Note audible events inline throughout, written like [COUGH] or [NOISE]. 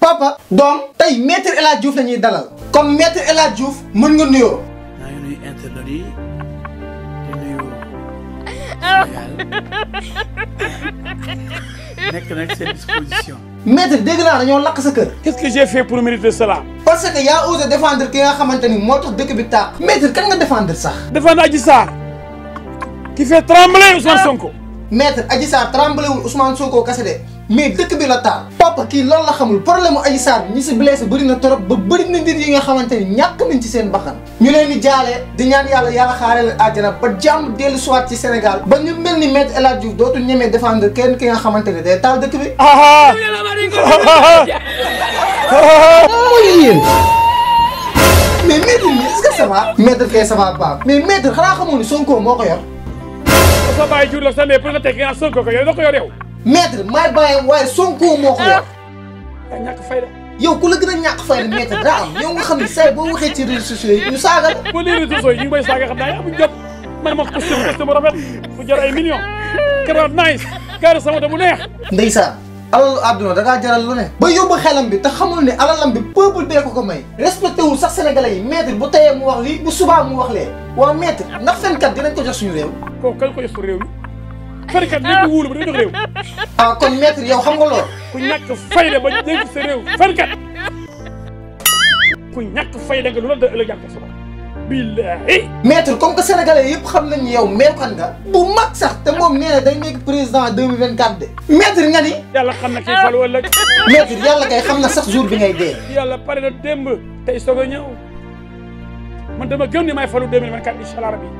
papa doom tey maître e la Diouf lañuy ñuy dalal kon maître El Hadj Diouf mën nga nuyoo. maa ngi nuyu internet yi di nuyu dañoo lakk sa kër. qu'est-ce que j'ai fait pour mériter cela. parce que yaa osé défendre ki nga xamante ni moo tax dëkk bi tàq. maître kan nga défendre sax. défendre Adji Sarr ki fait trembler Ousmane ah. Sonko. maître Adji Sarr trembler wul Ousmane Sonko kese de. mais dëkk bi la taal papa kii loolu la xamul problème mu Adji Sarr bi ñi si blessé bëri na trop ba bëri na nit yi nga xamante ni ñàkk nañ ci seen bakkan ñu leen di jaalee di ñaan yàlla yàlla xaare leen àjjana ba jàmm dellu soit ci Sénégal ba ñu mel ni maître El Hadji Diouf dootu ñemee défendre kenn ki nga xamante ne day taal dëkk bi ah, ah. [LAUGHS] mooy mais maître mi est-ce que ça va maître kay ça va pas mais maître xanaa xamoon ni Sonko moo ko yor sa bàyyi jur la sa mais pour nga teg nga ah, Sonko ko yor da ko yor yow maître maay bàyyi waaye Sonko moo ko wax. ñàkk fayda. yow ku la gën a ñàkk fayda maître daa am yow nga xam ne say boo waxee ci réseaux sociaux yi ñu saaga la. ba léegi réseaux yi ñu ngi may saaga xam naa amuñ jot man ma costume costume rafet bu jar ay millions keroog nice gaari sama bu neex. ndeysaan alalu àdduna da ngaa jaral lu ne. ba yóbbu xelam bi te xamul ne alalam bi peuple bee ko ko may. respecté wul sax sénégalais yi maître bu tayee mu wax lii bu subaa mu wax lee waa maître ndax fenkat dinañ ko jox suñu réew. kooku kañ ko jox suñu réew mi. farikat ñëpp wuulu ba day dox réew. ah kon maître yow xam nga lool. ku ñàkk fayda ba dégg sa réew farikat. ku ñàkk fayda nga lu la da ëllëg jàpp suba. billahi. maître comme que sénégalais yëpp xam nañ yow meekan nga. bu mag sax te moom nee na day nekk président deux mille vingt quatre de. maître nga ni. yàlla xam na kii falu ëllëg. maître yàlla kay xam na sax jour bi ngay dee. yàlla pare na démb tey soog a ñëw man dama gëm ni may falu deux mille vingt quatre incha allah rabi.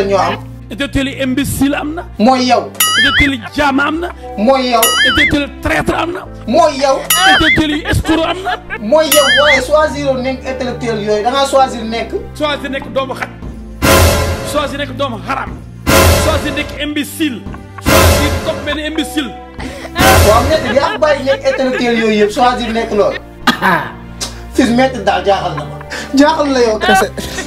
intellectuel ñoo am. intellectuel yi imbécile am na. mooy yow. intellectuel yi jaam am na. mooy yow. intellectuel yi traître am na. mooy yow. intellectuel yi am na. mooy yow waaye choisir nekk intellectuel yooyu da ngaa choisir nekk. choisir nekk doomu xat. choisir nekk doomu haram. choisir nekk imbécile. choisir topp benn imbécile. waaw maître bi ak bàyyi nekk intellectuel yooyu yëpp choisir nekk loolu. Ah. fii maître daal jaaxal na jaaxal la yow kese.